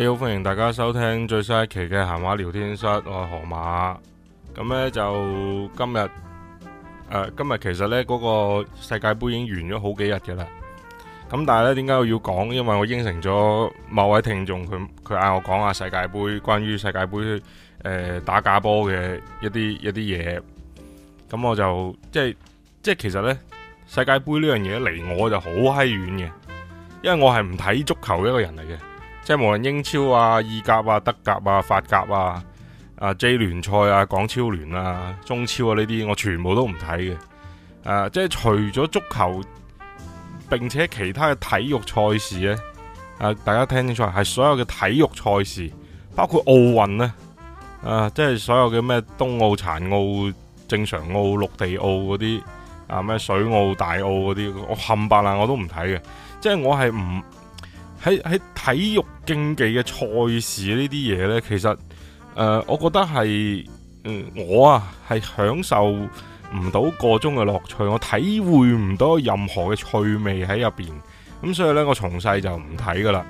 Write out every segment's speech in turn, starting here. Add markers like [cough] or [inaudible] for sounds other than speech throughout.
你好，hey, 歡迎大家收聽最新一期嘅閒話聊天室，我係河馬。咁咧就今日、呃、今日其實呢嗰、嗰個世界杯已經完咗好幾日嘅啦。咁但係呢點解我要講？因為我應承咗某位聽眾，佢佢嗌我講下世界杯，關於世界杯誒、呃、打假波嘅一啲一啲嘢。咁我就即係即係，其實呢世界杯呢樣嘢離我就好閪遠嘅，因為我係唔睇足球嘅一個人嚟嘅。即係無論英超啊、意甲啊、德甲啊、法甲啊、啊、呃、J 聯賽啊、港超聯啊、中超啊呢啲，我全部都唔睇嘅。誒、呃，即係除咗足球，並且其他嘅體育賽事咧，啊、呃，大家聽清楚，係所有嘅體育賽事，包括奧運呢、呃奧奧奧奧，啊，即係所有嘅咩冬奧殘奧、正常奧、陸地奧嗰啲啊咩水奧、大奧嗰啲，我冚白爛我都唔睇嘅。即係我係唔。喺喺體育競技嘅賽事呢啲嘢呢，其實誒、呃，我覺得係、嗯，我啊係享受唔到個中嘅樂趣，我體會唔到任何嘅趣味喺入邊，咁所以呢，我從細就唔睇噶啦。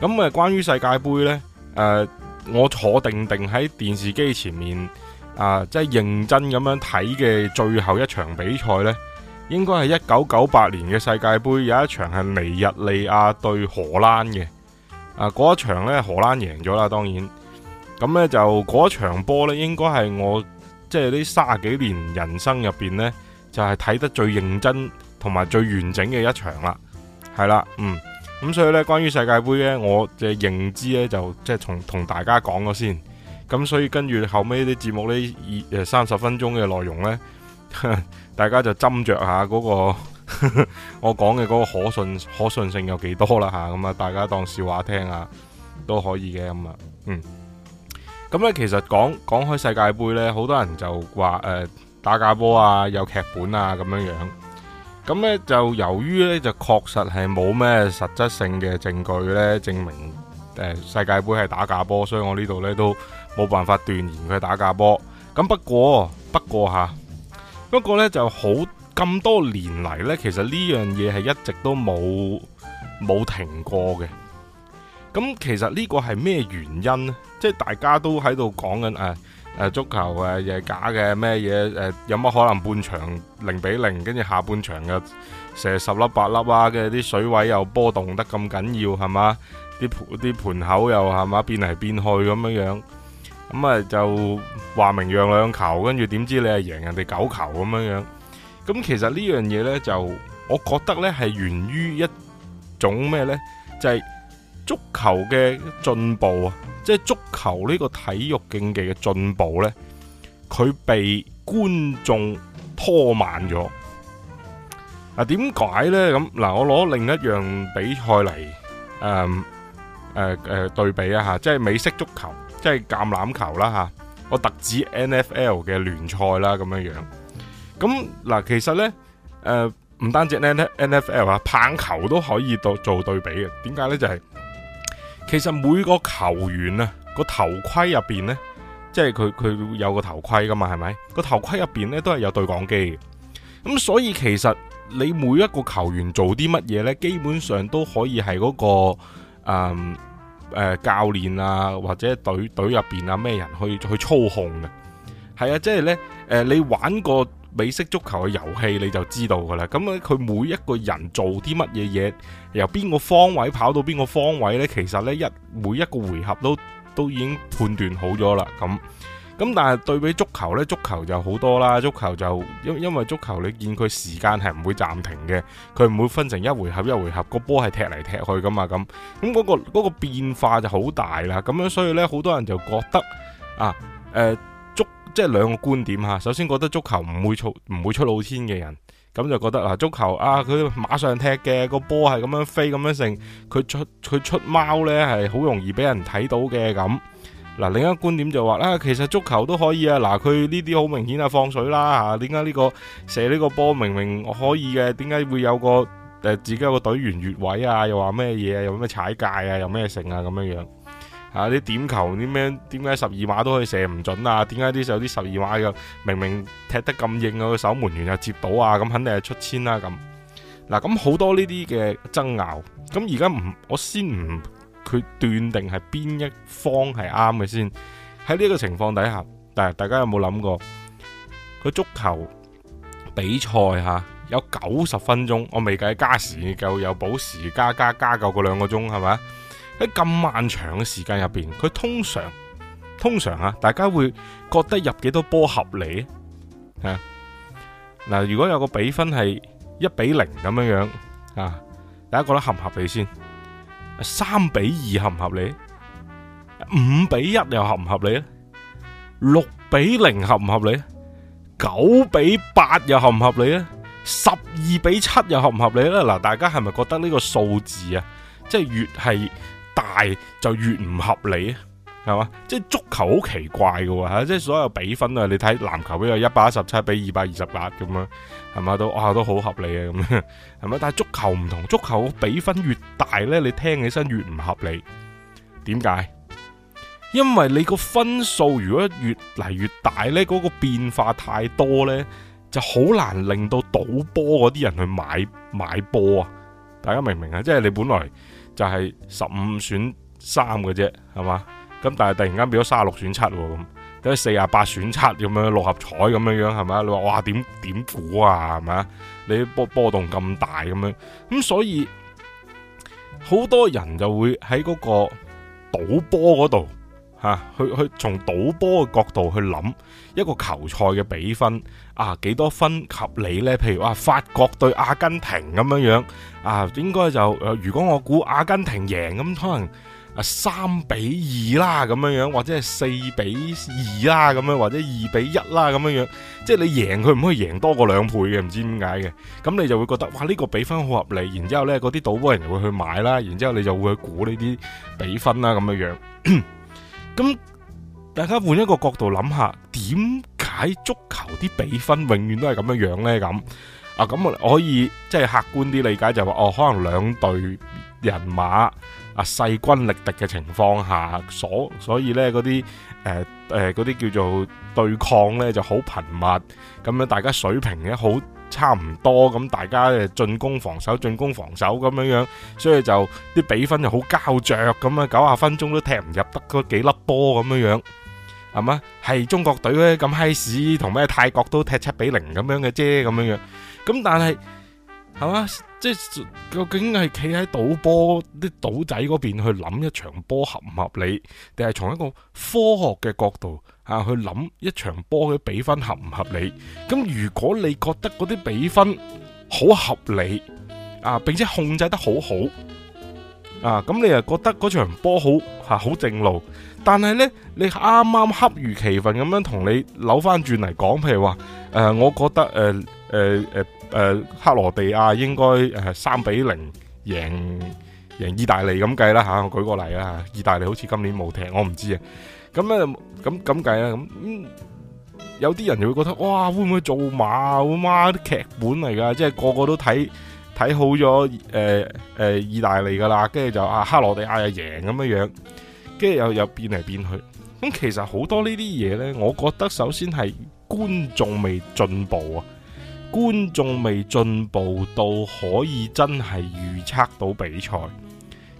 咁誒，關於世界杯呢，誒、呃，我坐定定喺電視機前面啊、呃，即係認真咁樣睇嘅最後一場比賽呢。應該係一九九八年嘅世界杯，有一場係尼日利亞對荷蘭嘅，啊嗰一場咧荷蘭贏咗啦，當然，咁咧就嗰場波咧應該係我即係呢三十幾年人生入邊咧就係、是、睇得最認真同埋最完整嘅一場啦，係啦，嗯，咁所以咧關於世界杯咧我嘅認知咧就即係、就是、同同大家講咗先，咁所以跟住後尾啲節目呢，二誒三十分鐘嘅內容咧。大家就斟酌下嗰個 [laughs] 我講嘅嗰個可信可信性，有幾多啦吓，咁啊，大家當笑話聽下都可以嘅。咁啊，嗯，咁咧其實講講開世界杯咧，好多人就話誒、呃、打假波啊，有劇本啊，咁樣樣咁咧就由於咧就確實係冇咩實質性嘅證據咧證明誒世界杯係打假波，所以我這裡呢度咧都冇辦法斷言佢係打假波。咁不過不過吓、啊。不過呢，就好咁多年嚟呢，其實呢樣嘢係一直都冇冇停過嘅。咁其實呢個係咩原因咧？即係大家都喺度講緊誒誒，足球誒嘢、啊、又係假嘅咩嘢誒，有乜可能半場零比零，跟住下半場又成十粒八粒啊？嘅啲水位又波動得咁緊要係嘛？啲盤啲盤口又係嘛變嚟變去咁樣樣。咁啊，就話明讓兩球，跟住點知你係贏人哋九球咁樣樣。咁其實呢樣嘢呢，就我覺得呢係源於一種咩呢？就係足球嘅進步，即係足球呢個體育競技嘅進步呢，佢被觀眾拖慢咗。啊點解呢？咁嗱，我攞另一樣比賽嚟誒誒誒對比一下，即係美式足球。即係橄欖球啦吓、啊，我特指 N F L 嘅聯賽啦咁樣樣。咁嗱，其實呢，誒、呃，唔單止 N F L 啊，棒球都可以對做對比嘅。點解呢？就係、是、其實每個球員啊，個頭盔入邊呢，即係佢佢有個頭盔噶嘛，係咪？個頭盔入邊呢都係有對講機嘅。咁所以其實你每一個球員做啲乜嘢呢，基本上都可以係嗰、嗰個嗯。誒、呃，教練啊，或者隊隊入邊啊，咩人去去操控嘅？係啊，即係呢，誒、呃，你玩過美式足球嘅遊戲你就知道噶啦。咁佢每一個人做啲乜嘢嘢，由邊個方位跑到邊個方位呢？其實呢，一每一個回合都都已經判斷好咗啦，咁。咁但係對比足球呢，足球就好多啦，足球就因為因為足球你見佢時間係唔會暫停嘅，佢唔會分成一回合一回合，個波係踢嚟踢去噶嘛，咁咁嗰個、嗰個變化就好大啦，咁樣所以呢，好多人就覺得啊，誒、呃、足即係兩個觀點吓，首先覺得足球唔會出唔會出老千嘅人，咁就覺得啊足球啊佢馬上踢嘅個波係咁樣飛咁樣成，佢出佢出貓呢係好容易俾人睇到嘅咁。嗱，另一個觀點就話啦、啊，其實足球都可以啊，嗱佢呢啲好明顯啊，放水啦嚇，點解呢個射呢個波明明可以嘅，點解會有個誒、呃、自己有個隊員越位啊？又話咩嘢？又咩踩界啊？又咩成啊咁樣樣嚇？啲、啊、點球啲咩？點解十二碼都可以射唔準啊？點解啲有啲十二碼又明明踢得咁硬啊？個守門員又接到啊？咁肯定係出千啦、啊、咁。嗱，咁、啊、好多呢啲嘅爭拗，咁而家唔我先唔。佢斷定係邊一方係啱嘅先，喺呢個情況底下，但係大家有冇諗過？佢足球比賽吓有九十分鐘，我未計加時夠有補時加加加夠個兩個鐘係咪？喺咁漫長嘅時間入邊，佢通常通常吓大家會覺得入幾多波合理啊？嗱，如果有個比分係一比零咁樣樣啊，大家覺得合唔合理先？三比二合唔合理？五比一又合唔合理？六比零合唔合理？九比八又合唔合理？咧，十二比七又合唔合理？咧嗱，大家係咪覺得呢個數字啊，即係越係大就越唔合理啊？係嘛？即係足球好奇怪嘅喎，吓即係所有比分啊，你睇籃球都有一百一十七比二百二十八咁啊。係咪都啊都好合理啊咁樣，係咪？但係足球唔同，足球比分越大呢，你聽起身越唔合理。點解？因為你個分數如果越嚟越大呢，嗰個變化太多呢，就好難令到賭波嗰啲人去買買波啊！大家明唔明啊？即係你本來就係十五選三嘅啫，係嘛？咁但係突然間變咗三十六選七喎咁。四十八選七，咁樣六合彩咁樣樣，係咪啊？你話哇點點估啊，係咪啊？你波波動咁大咁樣，咁所以好多人就會喺嗰個賭波嗰度嚇，去去從賭波嘅角度去諗一個球賽嘅比分啊，幾多分合理咧？譬如話、啊、法國對阿根廷咁樣樣啊，應該就誒、啊、如果我估阿根廷贏咁可能。三比二啦咁樣樣，或者係四比二啦咁樣，或者二比一啦咁樣樣，即係你贏佢唔可以贏多過兩倍嘅，唔知點解嘅，咁你就會覺得哇呢個比分好合理，然之後咧嗰啲賭波人就會去買啦，然之後你就會去估呢啲比分啦咁樣樣。咁 [coughs] 大家換一個角度諗下，點解足球啲比分永遠都係咁樣樣呢？咁啊咁我可以即係客觀啲理解就話、是、哦，可能兩隊人馬。啊，勢均力敵嘅情況下，所所以呢嗰啲誒誒啲叫做對抗呢就好頻密，咁樣大家水平咧好差唔多，咁大家進攻防守、進攻防守咁樣樣，所以就啲比分就好膠着，咁啊，九啊分鐘都踢唔入得嗰幾粒波咁樣樣，係嘛？係中國隊咧咁嗨屎，同咩泰國都踢七比零咁樣嘅啫，咁樣樣，咁但係係嘛？即係究竟係企喺賭波啲賭仔嗰邊去諗一場波合唔合理，定係從一個科學嘅角度啊去諗一場波嘅比分合唔合理？咁如果你覺得嗰啲比分好合理啊，並且控制得好好啊，咁你又覺得嗰場波好吓好正路？但係呢，你啱啱恰如其分咁樣同你扭翻轉嚟講，譬如話誒、啊，我覺得誒誒誒。呃呃呃誒，克羅地亞應該誒三比零贏贏意大利咁計啦吓，啊、我舉個例啦，意大利好似今年冇踢，我唔知啊。咁咧，咁咁計啦，咁咁有啲人就會覺得哇，會唔會做馬啊？哇，啲劇本嚟噶，即係個個都睇睇好咗誒誒，意大利噶啦，跟住就啊，克羅地亞又贏咁樣樣，跟住又又變嚟變去。咁其實好多呢啲嘢咧，我覺得首先係觀眾未進步啊。觀眾未進步到可以真係預測到比賽，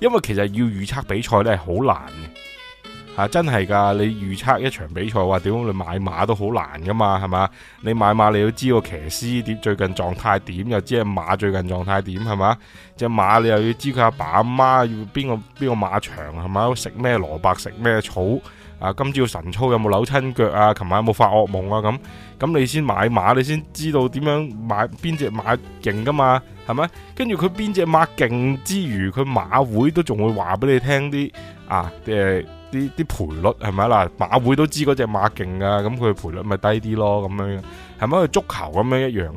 因為其實要預測比賽呢係好難嘅、啊、真係噶！你預測一場比賽，話點樣你買馬都好難噶嘛，係嘛？你買馬你要知個騎師點，最近狀態點，又知係馬最近狀態點，係嘛？隻馬你又要知佢阿爸阿媽要邊個邊個馬場，係嘛？食咩蘿蔔，食咩草？啊！今朝神操有冇扭親腳啊？琴晚有冇發噩夢啊？咁咁你先買馬，你先知道點樣買邊隻馬勁噶嘛？係咪？跟住佢邊隻馬勁之餘，佢馬會都仲會話俾你聽啲啊，誒，啲啲賠率係咪啊？嗱，馬會都知嗰隻馬勁啊，咁佢賠率咪低啲咯？咁樣樣係咪？足球咁樣一樣，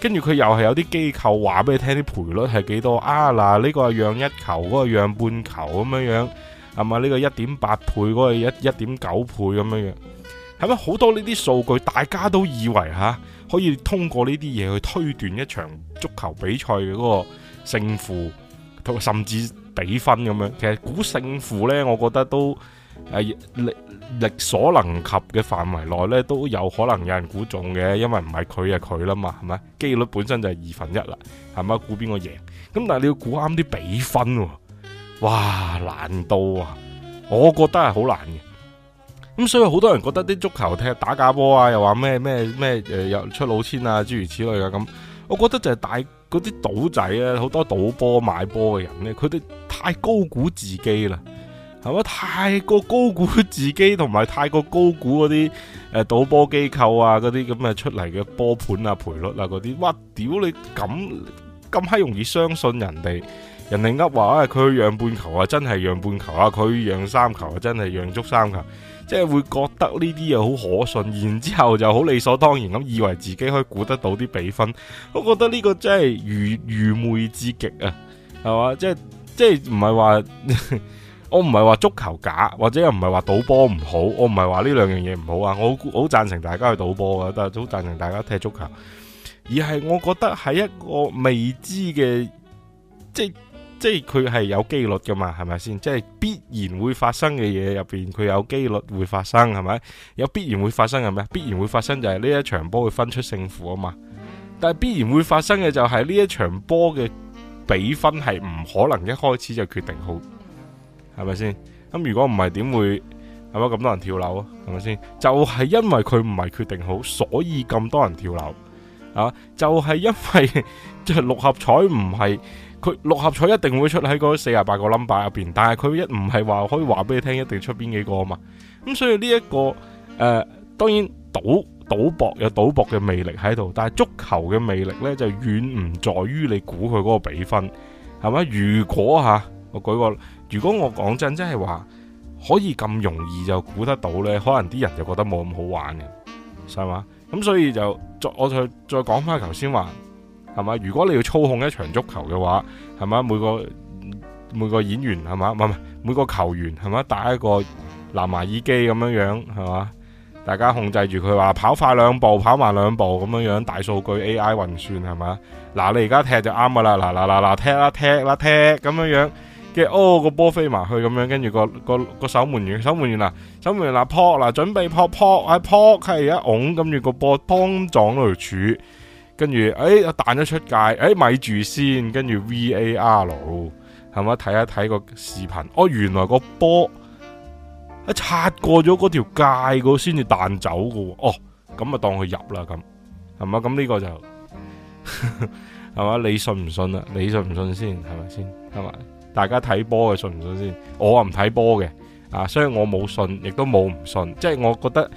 跟住佢又係有啲機構話俾你聽啲賠率係幾多啊？嗱，呢個係讓一球，嗰個讓半球咁樣樣。係咪，呢個一點八倍嗰、嗰個一一點九倍咁樣樣？係咪好多呢啲數據大家都以為吓、啊，可以通過呢啲嘢去推斷一場足球比賽嘅嗰個勝負，甚至比分咁樣的？其實估勝負呢，我覺得都誒、啊、力力所能及嘅範圍內呢，都有可能有人估中嘅，因為唔係佢就佢、係、啦嘛，係咪？機率本身就係二分一啦，係咪？估邊個贏？咁但係你要估啱啲比分、啊。哇，難到啊！我覺得係好難嘅，咁所以好多人覺得啲足球踢打假波啊，又話咩咩咩誒，又、呃、出老千啊，諸如此類啊。咁。我覺得就係大嗰啲賭仔啊，好多賭波買波嘅人咧，佢哋太高估自己啦，係咪太過高估自己，同埋太過高估嗰啲誒賭波機構啊，嗰啲咁嘅出嚟嘅波盤啊、賠率啊嗰啲，哇！屌你咁咁閪容易相信人哋。人哋呃話啊，佢、哎、去讓半球啊，真係讓半球啊，佢讓三球啊，真係讓足三球，即係會覺得呢啲嘢好可信，然之後就好理所當然咁，以為自己可以估得到啲比分。我覺得呢個真係愚愚昧之極啊，係嘛？即係即係唔係話我唔係話足球假，或者又唔係話賭波唔好，我唔係話呢兩樣嘢唔好啊，我好好贊成大家去賭波啊，但係好贊成大家踢足球，而係我覺得喺一個未知嘅即即係佢係有幾率噶嘛，係咪先？即係必然會發生嘅嘢入邊，佢有幾率會發生，係咪？有必然會發生嘅咩？必然會發生就係呢一場波會分出勝負啊嘛。但係必然會發生嘅就係呢一場波嘅比分係唔可能一開始就決定好，係咪先？咁如果唔係點會係嘛？咁多人跳樓啊，係咪先？就係因為佢唔係決定好，所以咁多人跳樓啊！就係因為即係六合彩唔係。佢六合彩一定會出喺嗰四廿八四十八個 number 入邊，但係佢一唔係話可以話俾你聽一定出邊幾個啊嘛。咁所以呢、這、一個誒、呃，當然賭賭博有賭博嘅魅力喺度，但係足球嘅魅力呢，就遠唔在於你估佢嗰個比分係咪？如果吓、啊，我舉個，如果我講真，即係話可以咁容易就估得到呢，可能啲人就覺得冇咁好玩嘅，係嘛。咁所以就再我再再講翻頭先話。係嘛？如果你要操控一場足球嘅話，係嘛？每個每個演員係嘛？唔係每個球員係嘛？打一個藍牙耳機咁樣樣，係嘛？大家控制住佢話跑快兩步，跑慢兩步咁樣樣，大數據 AI 運算係嘛？嗱，你而家踢就啱噶啦，啦，啦，啦，嗱嗱嗱嗱踢啦踢啦踢咁樣樣，嘅哦、個波飛埋去咁樣，跟住、個、個、個守門員守門員嗱守門員嗱撲嗱準備撲撲係撲係一拱，跟住個波砰撞條柱。跟住，哎，彈咗出界，哎，咪住先，跟住 VAR，係咪啊？睇一睇個視頻，哦，原來個波一擦過咗嗰條界個，先至彈走個，哦，咁啊當佢入啦，咁係咪啊？咁呢個就係咪啊？你信唔信啊？你信唔信先啊？係咪先？係咪？大家睇波嘅信唔信先啊？我唔睇波嘅，啊，所以我冇信，亦都冇唔信，即係我覺得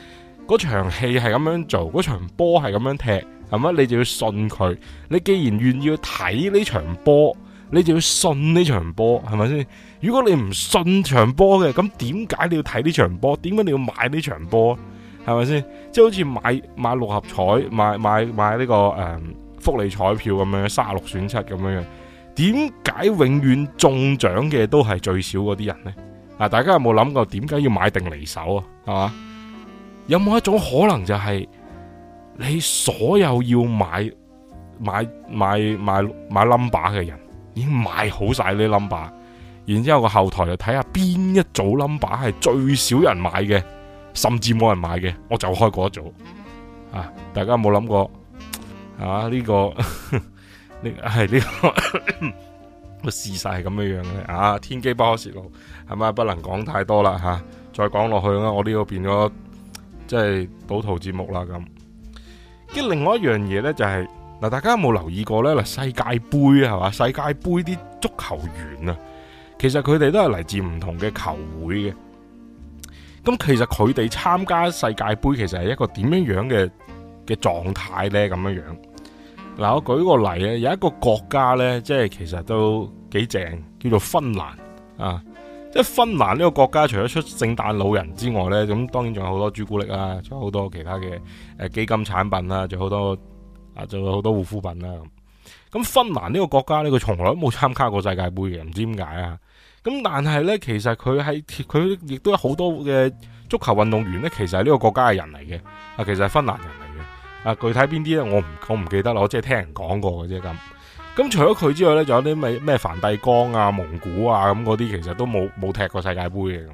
嗰場戲係咁樣做，嗰場波係咁樣踢。係你就要信佢。你既然願意去睇呢場波，你就要信呢場波，係咪先？如果你唔信場波嘅，咁點解你要睇呢場波？點解你要買呢場波？係咪先？即係好似買買六合彩、買買買呢、這個誒、嗯、福利彩票咁樣，三十六選七咁樣。點解永遠中獎嘅都係最少嗰啲人呢？啊！大家有冇諗過點解要買定離手啊？係嘛？有冇一種可能就係、是？你所有要買買買買買 number 嘅人，已經買好晒啲 number，然之後個後台就睇下邊一組 number 係最少人買嘅，甚至冇人買嘅，我就開嗰組。啊，大家有冇諗過？啊，呢、呢個呢係呢個個事實係咁樣樣嘅。啊，天機不可洩露，係咪不，不能講太多啦？吓、啊，再講落去我呢度變咗即係賭徒節目啦咁。嘅另外一樣嘢呢，就係嗱，大家有冇留意過呢？嗱，世界盃啊，係嘛？世界盃啲足球員啊，其實佢哋都係嚟自唔同嘅球會嘅。咁其實佢哋參加世界盃其實係一個點樣樣嘅嘅狀態呢？咁樣樣嗱，我舉個例咧，有一個國家呢，即係其實都幾正，叫做芬蘭啊。即係芬蘭呢個國家，除咗出聖誕老人之外呢，咁當然仲有好多朱古力啦，仲有好多其他嘅誒基金產品啦，仲有好多啊，仲有好多護膚品啦。咁芬蘭呢個國家呢，佢從來都冇參加過世界盃嘅，唔知點解啊。咁但係呢，其實佢係佢亦都有好多嘅足球運動員呢，其實係呢個國家嘅人嚟嘅，啊，其實係芬蘭人嚟嘅。啊，具體邊啲呢？我唔我唔記得啦，我即係聽人講過嘅啫咁。咁除咗佢之外呢，仲有啲咩咩梵蒂岡啊、蒙古啊咁嗰啲，其實都冇冇踢過世界杯嘅咁。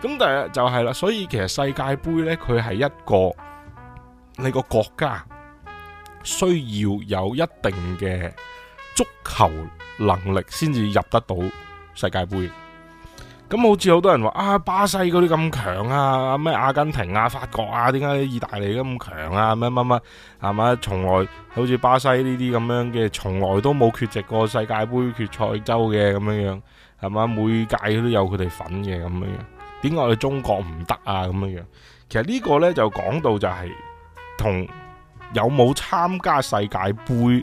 咁但係就係啦，所以其實世界盃呢，佢係一個你個國家需要有一定嘅足球能力先至入得到世界盃。咁好似好多人話啊，巴西嗰啲咁強啊，咩阿根廷啊、法國啊，點解意大利咁強啊？咩乜乜，係嘛？從來好似巴西呢啲咁樣嘅，從來都冇缺席過世界杯決賽周嘅咁樣樣，係嘛？每屆都有佢哋份嘅咁樣樣，點解我哋中國唔得啊？咁樣樣，其實呢個呢就講到就係同有冇參加世界杯，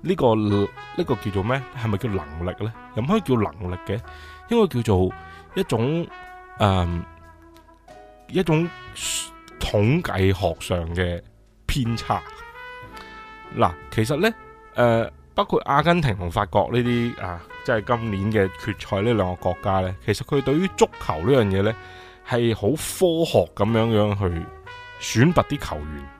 呢個呢個叫做咩？係咪叫能力呢？又唔可以叫能力嘅，應該叫做。一種誒、嗯、一種統計學上嘅偏差嗱、啊，其實咧誒、呃，包括阿根廷同法國呢啲啊，即、就、係、是、今年嘅決賽呢兩個國家咧，其實佢對於足球這件事呢樣嘢咧，係好科學咁樣樣去選拔啲球員。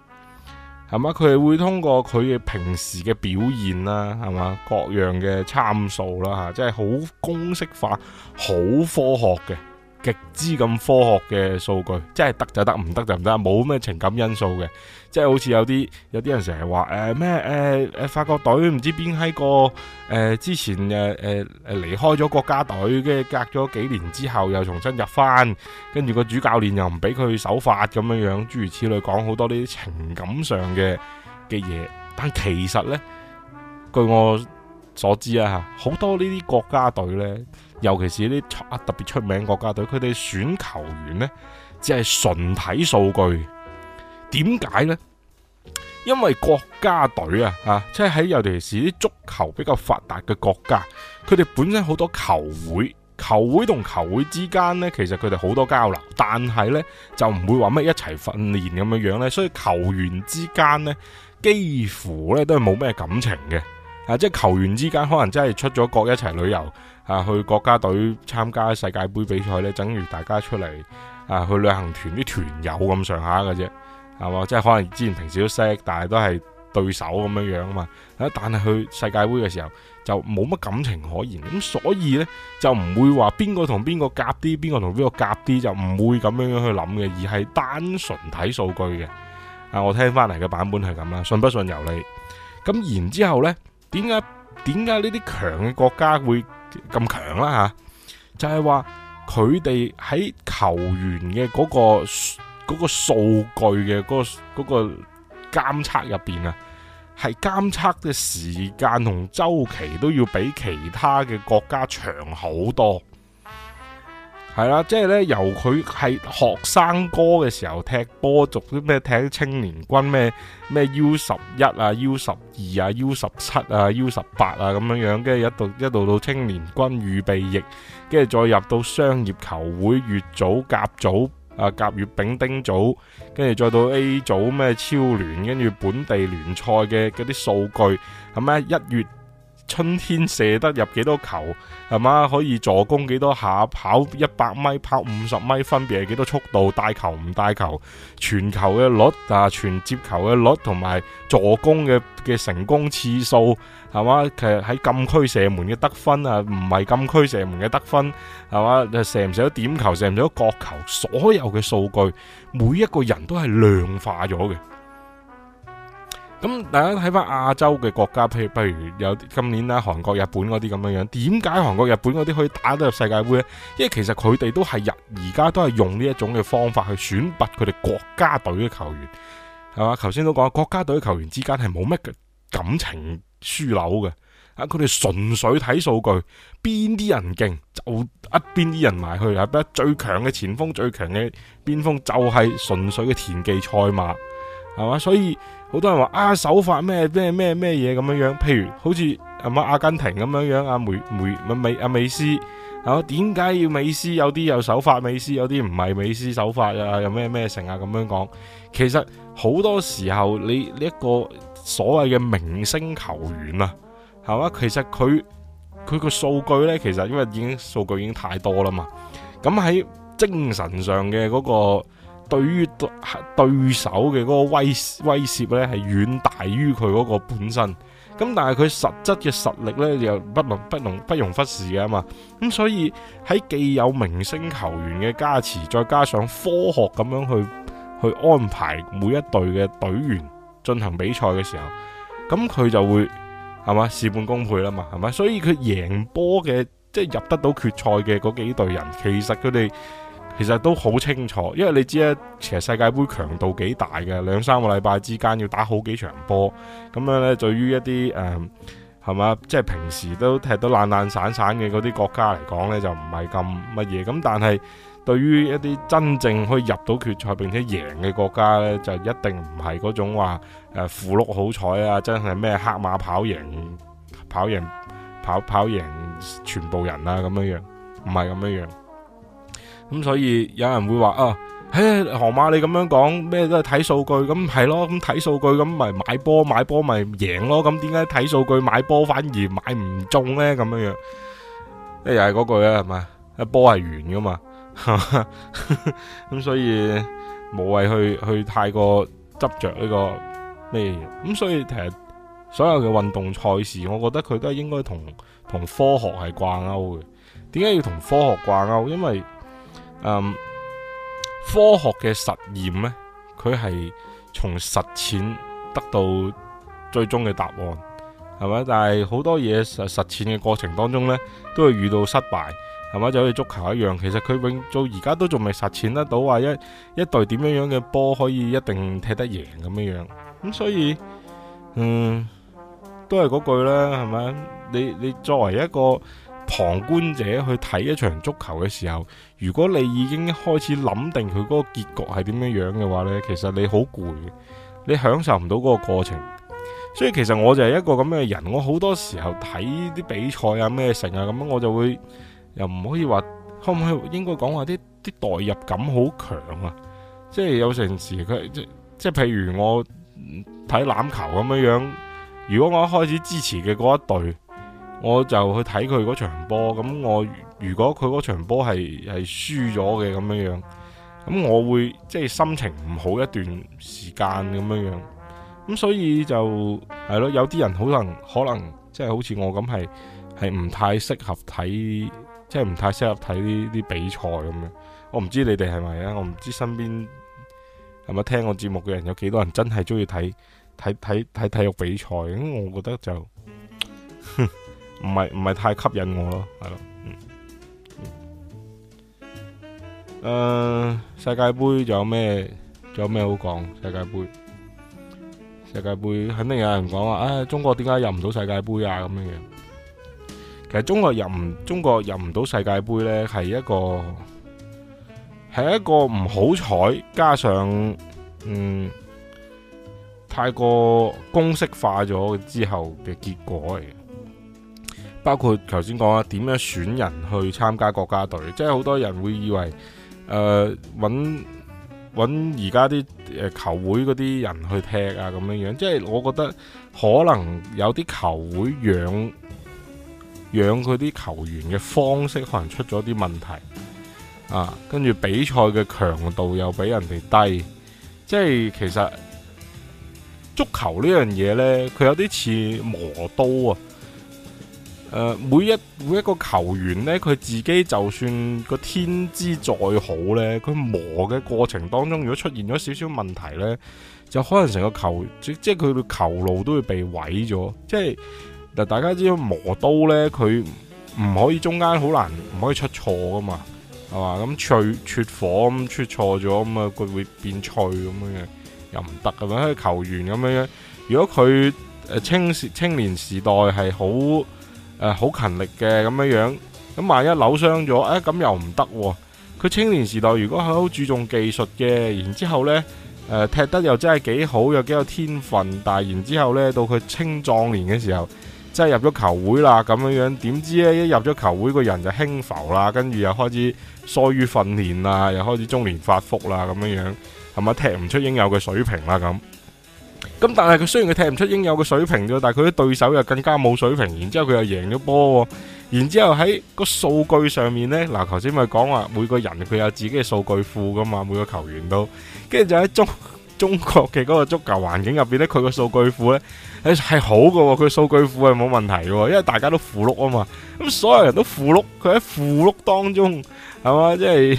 係嘛？佢哋會通過佢嘅平時嘅表現啦，係嘛？各樣嘅參數啦，嚇，即係好公式化、好科學嘅。極之咁科學嘅數據，即係得就得，唔得就唔得，冇咩情感因素嘅，即係好似有啲有啲人成日話誒咩誒誒法國隊唔知邊喺個誒、呃、之前誒誒誒離開咗國家隊嘅，隔咗幾年之後又重新入翻，跟住個主教練又唔俾佢手法咁樣樣，諸如此類講好多呢啲情感上嘅嘅嘢，但其實呢，據我所知啊，好多呢啲國家隊呢。尤其是啲啊特別出名的國家隊，佢哋選球員呢，只係純睇數據。點解呢？因為國家隊啊，吓即係喺尤其是啲足球比較發達嘅國家，佢哋本身好多球會，球會同球會之間呢，其實佢哋好多交流，但係呢，就唔會話咩一齊訓練咁樣樣咧，所以球員之間呢，幾乎呢都係冇咩感情嘅。啊，即係球員之間可能真係出咗國一齊旅遊啊，去國家隊參加世界盃比賽呢，等於大家出嚟啊去旅行團啲團友咁上下嘅啫，係嘛，即係可能之前平時都識，但係都係對手咁樣樣啊嘛，啊，但係去世界盃嘅時候就冇乜感情可言，咁所以呢，就唔會話邊個同邊個夾啲，邊個同邊個夾啲，就唔會咁樣樣去諗嘅，而係單純睇數據嘅。啊，我聽翻嚟嘅版本係咁啦，信不信由你。咁然之後呢點解點解呢啲強嘅國家會咁強啦吓？就係話佢哋喺球員嘅嗰個嗰個數據嘅嗰個嗰個監測入邊啊，係監測嘅時間同週期都要比其他嘅國家長好多。係啦、啊，即係咧，由佢係學生哥嘅時候踢波，做啲咩？踢青年軍咩咩 U 十一啊、U 十二啊、U 十七啊、U 十八啊咁樣樣，跟住一度一度到青年軍預備役，跟住再入到商業球會乙組、甲組、啊甲乙丙丁組，跟住再到 A 組咩超聯，跟住本地聯賽嘅嗰啲數據，係咩一月？春天射得入幾多球係嘛？可以助攻幾多下？跑一百米、跑五十米分別係幾多速度？帶球唔帶球？傳球嘅率啊，傳接球嘅率同埋助攻嘅嘅成功次數係嘛？其實喺禁區射門嘅得分啊，唔係禁區射門嘅得分係嘛？射唔射到點球？射唔射到角球？所有嘅數據，每一個人都係量化咗嘅。咁大家睇翻亞洲嘅國家，譬如譬如有今年啦，韓國、日本嗰啲咁樣樣，點解韓國、日本嗰啲可以打得入世界杯咧？因為其實佢哋都係入而家都係用呢一種嘅方法去選拔佢哋國家隊嘅球員，係嘛？頭先都講國家隊嘅球員之間係冇乜嘅感情樞紐嘅，啊，佢哋純粹睇數據，邊啲人勁就一邊啲人埋去，係、啊、咪？最強嘅前鋒、最強嘅邊鋒就係、是、純粹嘅田忌賽馬，係嘛？所以。好多人話啊，手法咩咩咩咩嘢咁樣樣，譬如，好似阿、啊、阿根廷咁樣樣，阿梅梅咪阿美斯啊，點解要美斯？啊、美斯有啲又手法，美斯有啲唔係美斯手法啊，又咩咩成啊咁樣講。其實好多時候你呢一個所謂嘅明星球員啊，係、啊、嘛？其實佢佢個數據咧，其實因為已經數據已經太多啦嘛。咁喺精神上嘅嗰、那個。對於對對手嘅個威威脅咧，係遠大於佢嗰個本身。咁但係佢實質嘅實力呢又不能不能不容忽視嘅啊嘛。咁所以喺既有明星球員嘅加持，再加上科學咁樣去去安排每一隊嘅隊員進行比賽嘅時候，咁佢就會係嘛事半功倍啦嘛，係咪？所以佢贏波嘅，即係入得到決賽嘅嗰幾隊人，其實佢哋。其實都好清楚，因為你知咧，其實世界盃強度幾大嘅，兩三個禮拜之間要打好幾場波，咁樣咧，對於一啲誒係咪即係平時都踢得懶懶散散嘅嗰啲國家嚟講咧，就唔係咁乜嘢。咁但係對於一啲真正可以入到決賽並且贏嘅國家咧，就一定唔係嗰種話誒符碌好彩啊，真係咩黑馬跑贏跑贏跑跑贏全部人啊咁樣樣，唔係咁樣樣。咁所以有人會話啊，誒、哦，河馬你咁樣講咩都係睇數據，咁係咯，咁睇數據咁咪買波買波咪贏咯，咁點解睇數據買波反而買唔中呢？咁樣樣，誒又係嗰句啦，係咪？一波係圓噶嘛，咁 [laughs] 所以無謂去去太過執着呢個咩嘢。咁所以其實所有嘅運動賽事，我覺得佢都係應該同同科學係掛鈎嘅。點解要同科學掛鈎？因為嗯，科學嘅實驗呢，佢係從實踐得到最終嘅答案，係咪？但係好多嘢，實實踐嘅過程當中呢，都會遇到失敗，係咪？就好似足球一樣，其實佢永到而家都仲未實踐得到話一一隊點樣樣嘅波可以一定踢得贏咁樣樣，咁所以，嗯，都係嗰句啦，係咪？你你作為一個。旁觀者去睇一場足球嘅時候，如果你已經開始諗定佢嗰個結局係點樣樣嘅話呢，其實你好攰，你享受唔到嗰個過程。所以其實我就係一個咁嘅人，我好多時候睇啲比賽啊咩成啊咁樣，我就會又唔可以話可唔可以應該講話啲啲代入感好強啊，即係有陣時佢即即係譬如我睇欖球咁樣樣，如果我一開始支持嘅嗰一隊。我就去睇佢嗰場波，咁我如果佢嗰場波係係輸咗嘅，咁樣樣，咁我會即係、就是、心情唔好一段時間咁樣樣，咁所以就係咯，有啲人可能可能即係、就是、好似我咁係係唔太適合睇，即係唔太適合睇呢啲比賽咁樣。我唔知你哋係咪啊，我唔知身邊係咪聽我節目嘅人有幾多人真係中意睇睇睇睇體育比賽，咁我覺得就。呵呵唔係唔係太吸引我咯，係咯，誒、嗯嗯，世界杯仲有咩仲有咩好講？世界杯，世界杯肯定有人講話，誒、哎，中國點解入唔到世界杯啊？咁樣嘢，其實中國入唔中國入唔到世界杯呢，係一個係一個唔好彩，加上嗯太過公式化咗之後嘅結果嚟。包括頭先講啊，點樣選人去參加國家隊？即係好多人會以為誒，揾揾而家啲誒球會嗰啲人去踢啊，咁樣樣。即係我覺得可能有啲球會養養佢啲球員嘅方式可能出咗啲問題啊，跟住比賽嘅強度又比人哋低。即係其實足球呢樣嘢呢，佢有啲似磨刀啊。誒、呃、每一每一個球員呢，佢自己就算個天資再好呢，佢磨嘅過程當中，如果出現咗少少問題呢，就可能成個球即即佢個球路都會被毀咗。即係大家知道磨刀呢，佢唔可以中間好難，唔可以出錯噶嘛，係嘛？咁脆缺火咁出錯咗咁啊，佢會變脆咁樣嘅，又唔得咁樣。球員咁樣樣，如果佢青青年時代係好。誒，好、呃、勤力嘅咁樣樣，咁萬一扭傷咗，誒、哎、咁又唔得，啊。佢青年時代如果係好注重技術嘅，然之後呢誒、呃、踢得又真係幾好，又幾有天分。但係然之後呢到佢青壯年嘅時候，真係入咗球會啦，咁樣樣，點知呢？一入咗球會，個人就輕浮啦，跟住又開始疏於訓練啦，又開始中年發福啦，咁樣樣，係咪踢唔出應有嘅水平啦咁？咁但係佢雖然佢踢唔出應有嘅水平啫，但係佢啲對手又更加冇水平，然之後佢又贏咗波，然之後喺個數據上面呢，嗱，頭先咪講話每個人佢有自己嘅數據庫噶嘛，每個球員都，跟住就喺中中國嘅嗰個足球環境入邊呢，佢個數據庫呢係係好嘅，佢數據庫係冇問題嘅，因為大家都符碌啊嘛，咁所有人都符碌，佢喺符碌當中係嘛，即係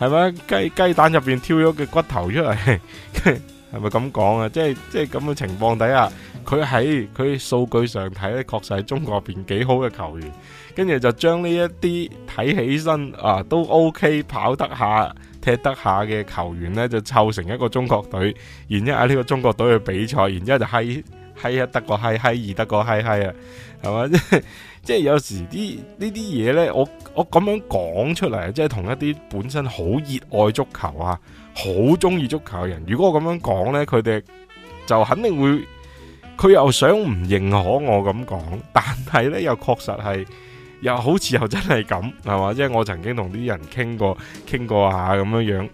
係嘛雞雞蛋入邊挑咗個骨頭出嚟。 [laughs] 係咪咁講啊？即係即係咁嘅情況底下，佢喺佢數據上睇咧，確實係中國入邊幾好嘅球員。跟住就將呢一啲睇起身啊，都 OK 跑得下、踢得下嘅球員呢，就湊成一個中國隊。然之後喺呢個中國隊去比賽，然之後就係。係啊，得個係係而得個係係啊，係嘛？即係、即係、有時啲呢啲嘢呢，我我咁樣講出嚟，即係同一啲本身好熱愛的足球啊，好中意足球嘅人。如果我咁樣講呢，佢哋就肯定會，佢又想唔認可我咁講，但係呢又確實係，又好似又真係咁，係嘛？即係、就是、我曾經同啲人傾過，傾過下咁樣樣，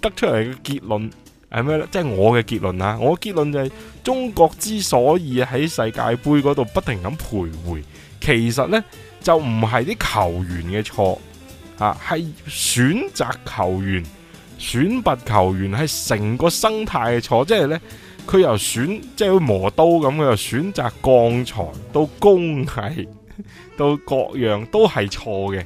得出嚟嘅結論。係咩咧？即係我嘅結論啊。我結論就係中國之所以喺世界杯嗰度不停咁徘徊，其實呢就唔係啲球員嘅錯，啊係選擇球員、選拔球員係成個生態嘅錯。即係呢，佢由選即係磨刀咁佢又選擇鋼材到工藝到各樣都係錯嘅。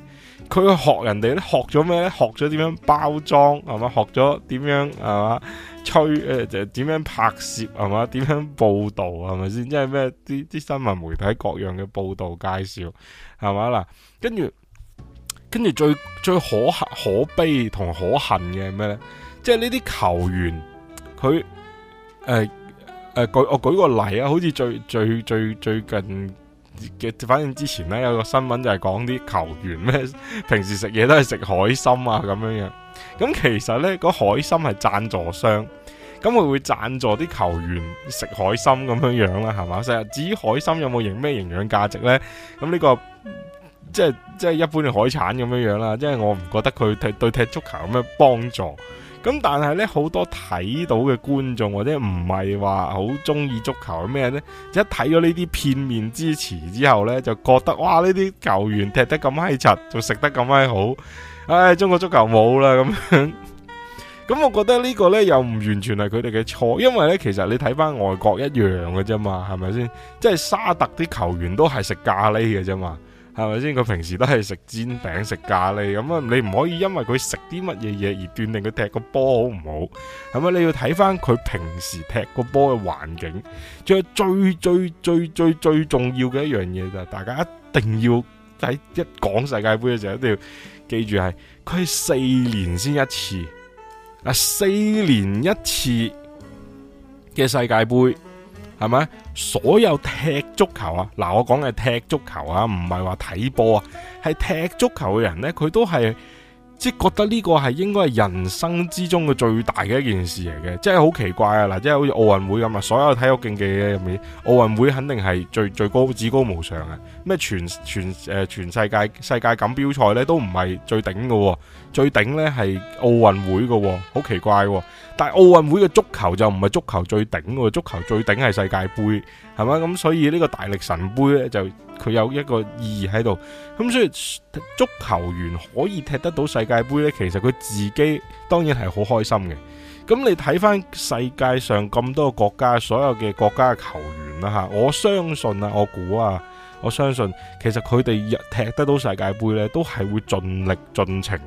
佢學人哋咧，學咗咩咧？學咗點樣包裝係嘛？學咗點樣係嘛？吹誒、呃，就點樣拍攝係嘛？點樣報道係咪先？即係咩？啲啲新聞媒體各樣嘅報道介紹係嘛？嗱，跟住跟住最最可可悲同可恨嘅係咩咧？即係呢啲球員佢誒誒舉我舉個例啊，好似最最最，最最近。反正之前咧有個新聞就係講啲球員咩，平時食嘢都係食海參啊咁樣樣。咁其實呢個海參係贊助商，咁佢會贊助啲球員食海參咁樣樣啦，係嘛？至於海參有冇營咩營養價值呢？咁呢個即係即係一般嘅海產咁樣樣啦，即係我唔覺得佢踢對踢足球有咩幫助。咁但係咧，好多睇到嘅觀眾或者唔係話好中意足球咩咧，一睇咗呢啲片面之詞之後呢，就覺得哇，呢啲球員踢得咁閪柒，就食得咁閪好，唉、哎，中國足球冇啦咁樣。咁 [laughs] 我覺得呢個呢，又唔完全係佢哋嘅錯，因為呢，其實你睇翻外國一樣嘅啫嘛，係咪先？即、就、係、是、沙特啲球員都係食咖喱嘅啫嘛。係咪先？佢平時都係食煎餅食咖喱咁啊！你唔可以因為佢食啲乜嘢嘢而斷定佢踢個波好唔好？係咪？你要睇翻佢平時踢個波嘅環境。仲有最最最最最重要嘅一樣嘢就係，大家一定要喺一講世界杯嘅時候一定要記住係，佢係四年先一次啊！四年一次嘅世界杯。係咪？所有踢足球啊，嗱，我講嘅踢足球啊，唔係話睇波啊，係踢足球嘅人呢，佢都係即係覺得呢個係應該係人生之中嘅最大嘅一件事嚟嘅，即係好奇怪啊！嗱，即係好似奧運會咁啊，所有體育競技入面，奧運會肯定係最最高至高無上嘅，啊，咩全全誒、呃、全世界世界錦標賽咧都唔係最頂嘅，啊，最頂咧係奧運會嘅，啊，好奇怪，啊。但係奧運會嘅足球就唔係足球最頂，足球最頂係世界杯，係嘛？咁所以呢個大力神杯咧，就佢有一個意義喺度。咁所以足球員可以踢得到世界杯呢，其實佢自己當然係好開心嘅。咁你睇翻世界上咁多個國家，所有嘅國家嘅球員啦吓，我相信啊，我估啊，我相信其實佢哋踢得到世界杯呢，都係會盡力盡情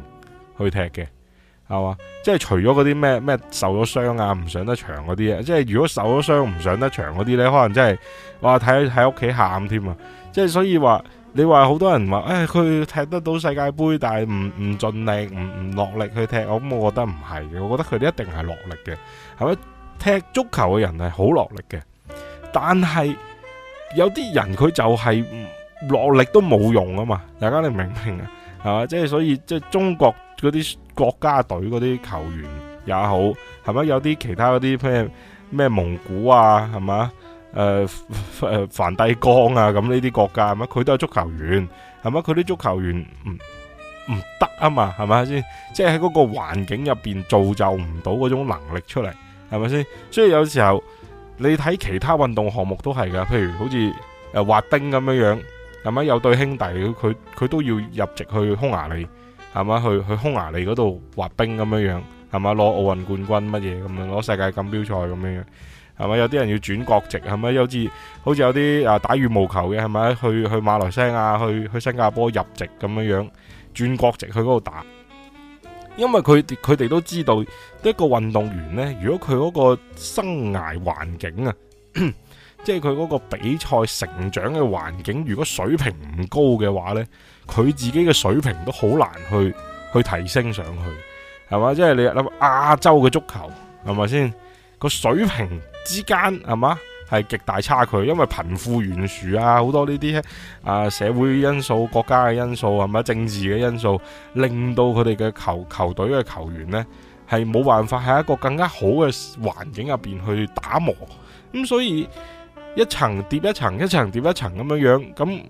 去踢嘅。係嘛，即係除咗嗰啲咩咩受咗傷啊，唔上得場嗰啲嘢，即係如果受咗傷唔上得場嗰啲咧，可能真係哇睇喺屋企喊添啊！即係所以話，你話好多人話，誒佢踢得到世界杯，但係唔唔盡力唔唔落力去踢，咁我覺得唔係嘅，我覺得佢哋一定係落力嘅，係咪？踢足球嘅人係好落力嘅，但係有啲人佢就係落力都冇用啊嘛，大家你明唔明啊？係嘛，即係所以即係中國。嗰啲國家隊嗰啲球員也好，係咪有啲其他嗰啲咩咩蒙古啊，係嘛？誒誒梵蒂岡啊咁呢啲國家，係嘛？佢都係足球員，係咪佢啲足球員唔唔得啊嘛？係咪先？即係喺嗰個環境入邊，造就唔到嗰種能力出嚟，係咪先？所以有時候你睇其他運動項目都係噶，譬如好似、呃、滑冰咁樣樣，係咪有對兄弟佢佢都要入籍去匈牙利？係咪去去匈牙利嗰度滑冰咁樣樣，係嘛？攞奧運冠軍乜嘢咁樣，攞世界錦標賽咁樣樣，係咪有啲人要轉國籍？係咪有似好似有啲啊打羽毛球嘅，係咪去去馬來西亞、去去新加坡入籍咁樣樣，轉國籍去嗰度打？因為佢佢哋都知道，一個運動員呢，如果佢嗰個生涯環境啊，即係佢嗰個比賽成長嘅環境，如果水平唔高嘅話呢。佢自己嘅水平都好難去去提升上去，係嘛？即係你諗亞洲嘅足球係咪先個水平之間係嘛係極大差距，因為貧富懸殊啊，好多呢啲啊社會因素、國家嘅因素係咪政治嘅因素，令到佢哋嘅球球隊嘅球員咧係冇辦法喺一個更加好嘅環境入邊去打磨。咁所以一層疊一層，一層疊一層咁樣樣咁。.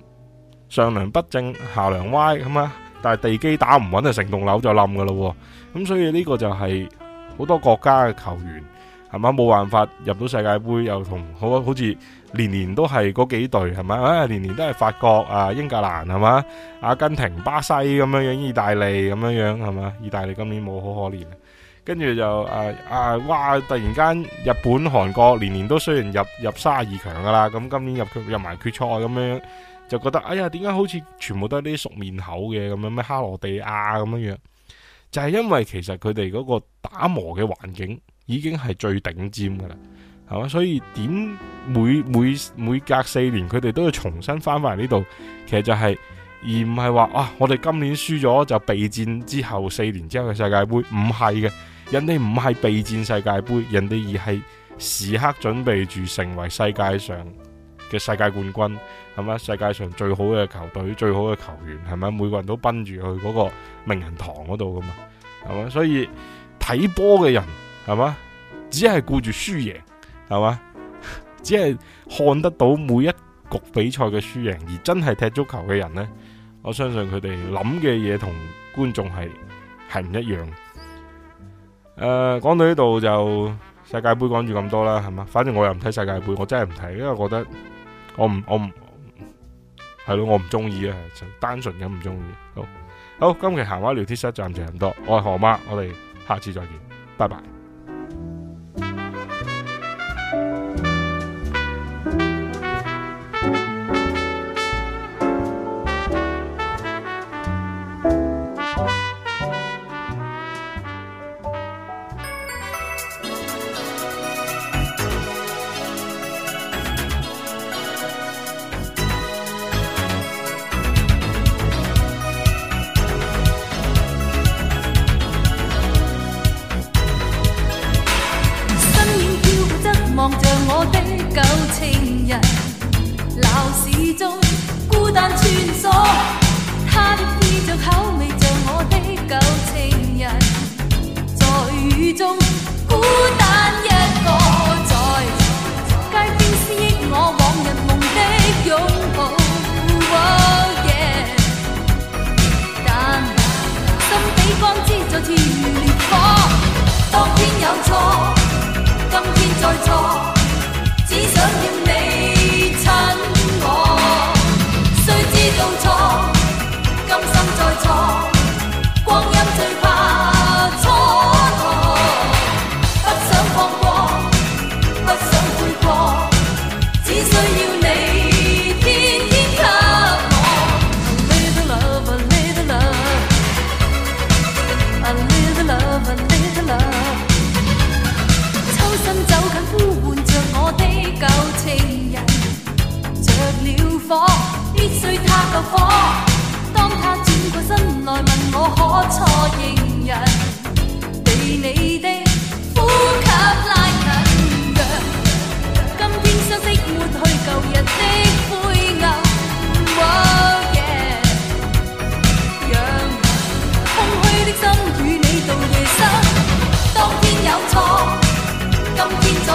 上梁不正下梁歪咁啊，但係地基打唔穩，就成棟樓就冧噶咯喎，咁所以呢個就係好多國家嘅球員係嘛冇辦法入到世界盃，又同好好似年年都係嗰幾隊係咪？啊，年年都係法國啊、英格蘭係嘛、阿根廷、巴西咁樣樣、意大利咁樣樣係嘛？意大利今年冇，好可憐，跟住就誒啊，啊哇！突然間日本、韓國年年都雖然入入卅二強㗎啦，咁今年入入埋決賽咁樣。就覺得哎呀，點解好似全部都係啲熟面口嘅咁樣咩？哈羅地亞咁樣樣，就係因為其實佢哋嗰個打磨嘅環境已經係最頂尖㗎啦，係嘛？所以點每每每隔四年佢哋都要重新翻翻嚟呢度，其實就係，而唔係話啊，我哋今年輸咗就備戰之後四年之後嘅世界盃，唔係嘅，人哋唔係備戰世界盃，人哋而係時刻準備住成為世界上。嘅世界冠軍係嘛，世界上最好嘅球隊、最好嘅球員係咪？每個人都奔住去嗰個名人堂嗰度噶嘛，係嘛，所以睇波嘅人係嘛，只係顧住輸贏係嘛，只係看得到每一局比賽嘅輸贏，而真係踢足球嘅人呢？我相信佢哋諗嘅嘢同觀眾係係唔一樣。誒、呃，講到呢度就世界杯講住咁多啦，係嘛，反正我又唔睇世界杯，我真係唔睇，因為我覺得。我唔我唔係咯，我唔鍾意啊，就單純咁唔鍾意。好，好，今期閒話聊天室暫時係咁多，我係何媽，我哋下次再見，拜拜。